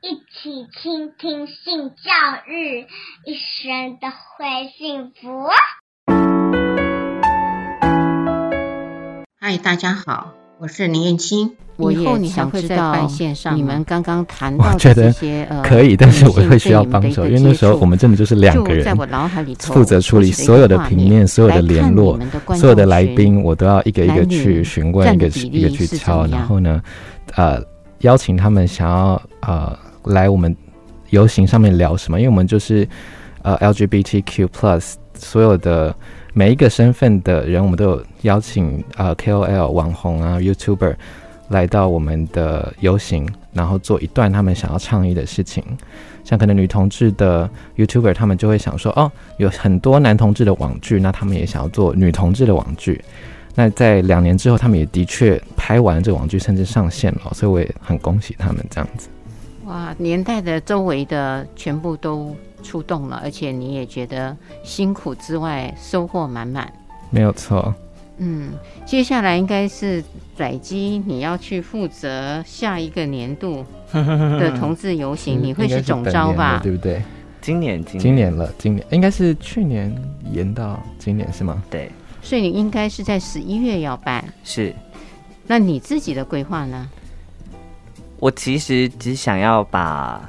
一起傾聽性教育，一生都會幸福啊。嗨，大家好，我是林燕青。以後你想會知道，你們剛剛談到的這些呃，我覺得可以、呃，但是我會需要幫手，因為那時候我們真的就是兩個人。負責處理所有的平面、所有的聯絡、所有的來賓，我都要一個一個去詢問，一個一個去敲，然後呢，呃，邀請他們想要呃。來我們遊行上面聊什麼？因為我們就是呃 LGBTQ plus 所有的每一個身份的人，我們都有邀請呃 KOL 網紅啊 YouTuber 來到我們的遊行，然後做一段他們想要倡議的事情。像可能女同志的 YouTuber，他們就會想說哦，有很多男同志的網劇，那他們也想要做女同志的網劇。那在兩年之後，他們也的確拍完這個網劇，甚至上線了，所以我也很恭喜他們這樣子。哇！年代的周圍的全部都出動了，而且你也覺得辛苦之外收穫滿滿，沒有錯。嗯，接下來應該是跩姬，你要去負責下一個年度的同志游行， 你會是總召吧？對不對？今年，今年，今年了，今年應該是去年延到今年是嗎？對，所以你應該是在十一月要辦。是，那你自己的規劃呢？我其實只想要把，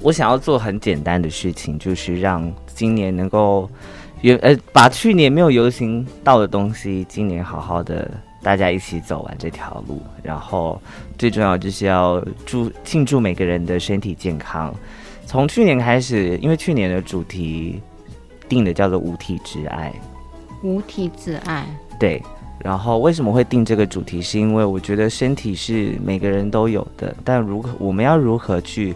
我想要做很簡單的事情，就是讓今年能夠遊呃把去年沒有遊行到的東西，今年好好的大家一起走完這條路。然後最重要就是要祝慶祝每個人的身體健康。從去年開始，因為去年的主題定的叫做“五體之愛”，五體之愛，對。然後為什麼會定這個主題？是因為我覺得身體是每個人都有的，但如果我們要如何去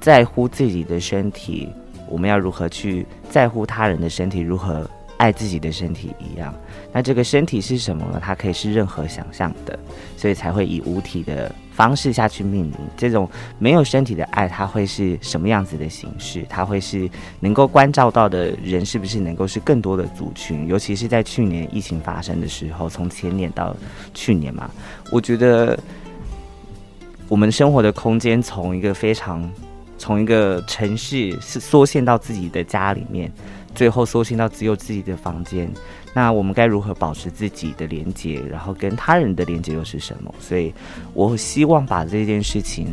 在乎自己的身體？我們要如何去在乎他人的身體如何？愛自己的身體一樣，那這個身體是什麼呢？它可以是任何想象的，所以才會以無體的方式下去命名。這種沒有身體的愛，它會是什麼樣子的形式？它會是能夠關照到的人是不是能夠是更多的族群？尤其是在去年疫情發生的時候，從前年到去年嘛，我覺得我們生活的空間從一個非常，從一個城市是縮限到自己的家裡面。最後搜尋到只有自己的房間，那我們該如何保持自己的連接，然後跟他人的連接？又是什麼？所以，我希望把這件事情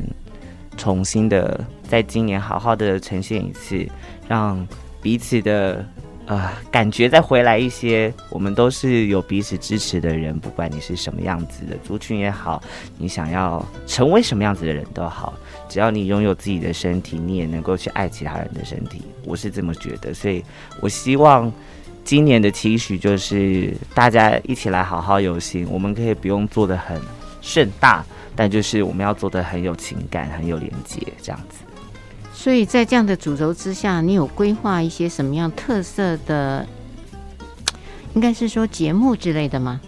重新的在今年好好的呈現一次，讓彼此的。啊、呃，感覺再回來一些，我們都是有彼此支持的人。不管你是什麼樣子的族群也好，你想要成為什麼樣子的人都好，只要你擁有自己的身體，你也能夠去愛其他人的身體。我是這麼覺得，所以我希望今年的期許就是大家一起來好好遊行。我們可以不用做得很盛大，但就是我們要做得很有情感、很有連接，這樣子。所以在這樣的主軸之下，你有規劃一些什麼樣特色的，應該是說節目之類的嗎？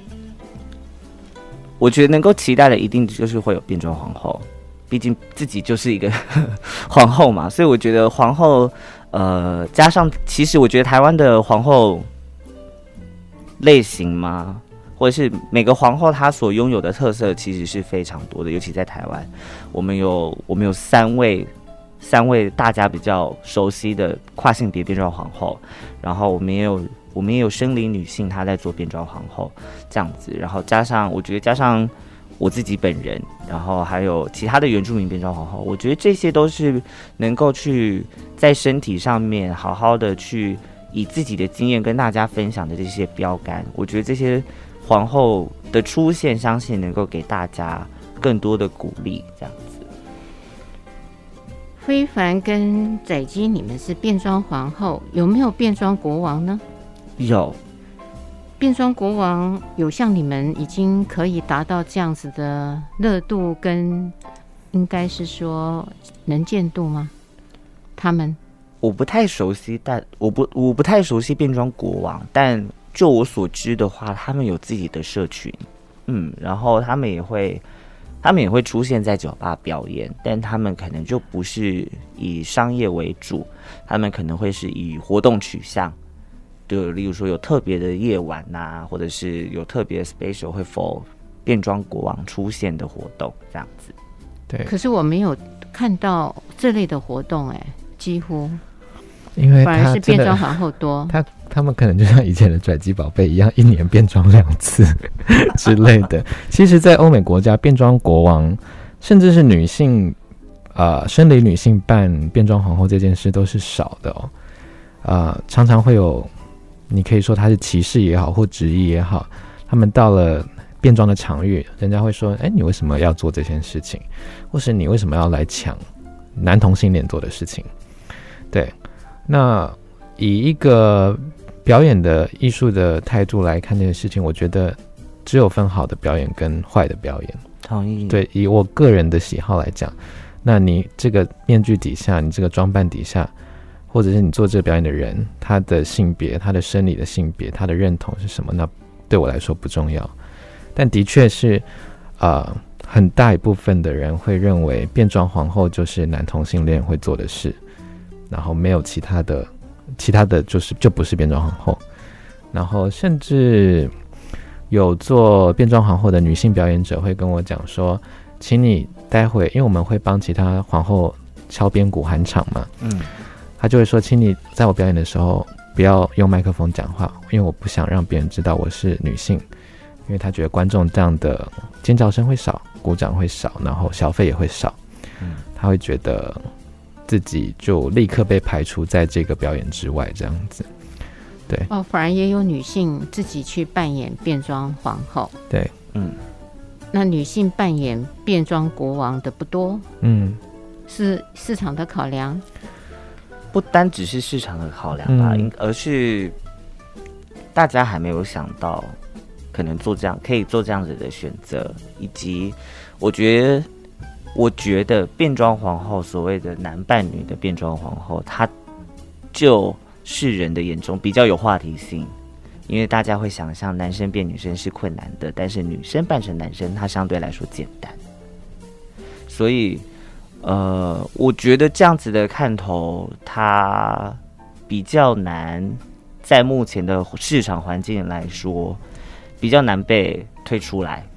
我覺得能夠期待的一定就是會有變裝皇後，畢竟自己就是一個 皇後嘛。所以我覺得皇後，呃，加上其實我覺得台灣的皇后類型嘛，或者是每個皇後她所擁有的特色其實是非常多的，尤其在台灣，我們有我們有三位。三位大家比較熟悉的跨性別變裝皇後，然後我們也有我們也有生理女性，她在做變裝皇後這樣子，然後加上我覺得加上我自己本人，然後還有其他的原住民變裝皇後，我覺得這些都是能夠去在身體上面好好的去以自己的經驗跟大家分享的這些標杆。我覺得這些皇後的出現，相信能夠給大家更多的鼓勵，這樣子。飛帆跟跩姬，你們是變裝皇後，有沒有變裝國王呢？有，變裝國王有像你們已經可以達到這樣子的熱度跟，應該是說能見度嗎？他們我不太熟悉，但我不我不太熟悉變裝國王，但就我所知的話，他們有自己的社群，嗯，然後他們也會。他們也會出現在酒吧表演，但他們可能就不是以商業為主，他們可能會是以活動取向，對，例如說有特別的夜晚吶、啊，或者是有特別的 special 會否變裝國王出現的活動這樣子。對，可是我沒有看到這類的活動，哎，誒，幾乎。反而是變裝皇后多，他他們可能就像以前的跩姬寶貝一樣，一年變裝兩次 之類的。其實，在歐美國家，變裝國王甚至是女性，啊、呃，生理女性扮變裝皇後這件事都是少的哦。啊、呃，常常會有，你可以說他是歧視也好，或質疑也好，他們到了變裝的場域，人家會說：“哎，你為什麼要做這件事情？或是你為什麼要來搶男同性戀做的事情？”對。那以一個表演的藝術的態度來看這件事情，我覺得只有分好的表演跟壞的表演。同意。對，以我個人的喜好來講，那你這個面具底下，你這個裝扮底下，或者是你做這個表演的人，他的性別、他的生理的性別、他的認同是什麼？那對我來說不重要。但的確是，呃，很大一部分的人會認為變裝皇後就是男同性戀會做的事。然後沒有其他的，其他的就是就不是變裝皇後。然後甚至有做變裝皇後的女性表演者會跟我講說，請你待會，因為我們會幫其他皇后敲邊鼓喊場嘛。嗯，他就會說，請你在我表演的時候不要用麥克風講話，因為我不想讓別人知道我是女性，因為他覺得觀眾這樣的尖叫聲會少，鼓掌會少，然後小費也會少。嗯，他會覺得。自己就立刻被排除在這個表演之外，這樣子，對哦，反而也有女性自己去扮演變裝皇後，對，嗯，那女性扮演變裝國王的不多，嗯，是市場的考量？不單只是市場的考量吧，應、嗯、而是大家還沒有想到可能做這樣可以做這樣子的選擇，以及我覺得。我覺得變裝皇後所謂的男扮女的變裝皇後，她就是人的眼中比較有話題性，因為大家會想象男生變女生是困難的，但是女生扮成男生，她相對來說簡單。所以，呃，我覺得這樣子的看頭，它比較難，在目前的市場環境來說，比較難被推出來。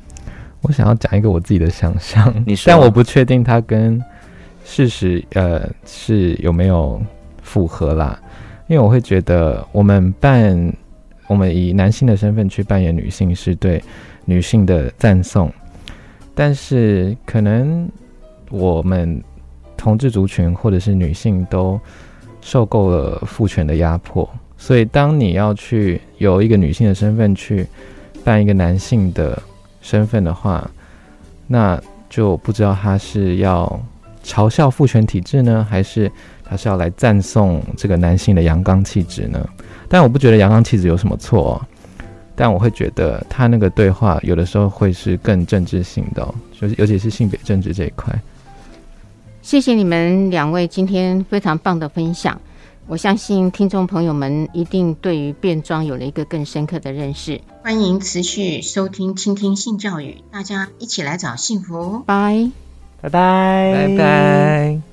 我想要講一個我自己的想象、啊，但我不確定它跟事實呃是有沒有符合啦。因為我會覺得，我們扮我們以男性的身份去扮演女性，是對女性的讚頌。但是可能我們同志族群或者是女性都受夠了父權的壓迫，所以當你要去由一個女性的身份去扮一個男性的。身份的話，那就不知道他是要嘲笑父權體制呢，還是他是要來贊頌這個男性的陽剛氣質呢？但我不覺得陽剛氣質有什麼錯哦，但我會覺得他那個對話有的時候會是更政治性的哦，就是尤其是性別政治這一塊。謝謝你們兩位今天非常棒的分享。我相信聽眾朋友們一定對於變裝有了一個更深刻的認識。歡迎持續收聽《傾聽性教育》，大家一起來找幸福。拜拜拜拜。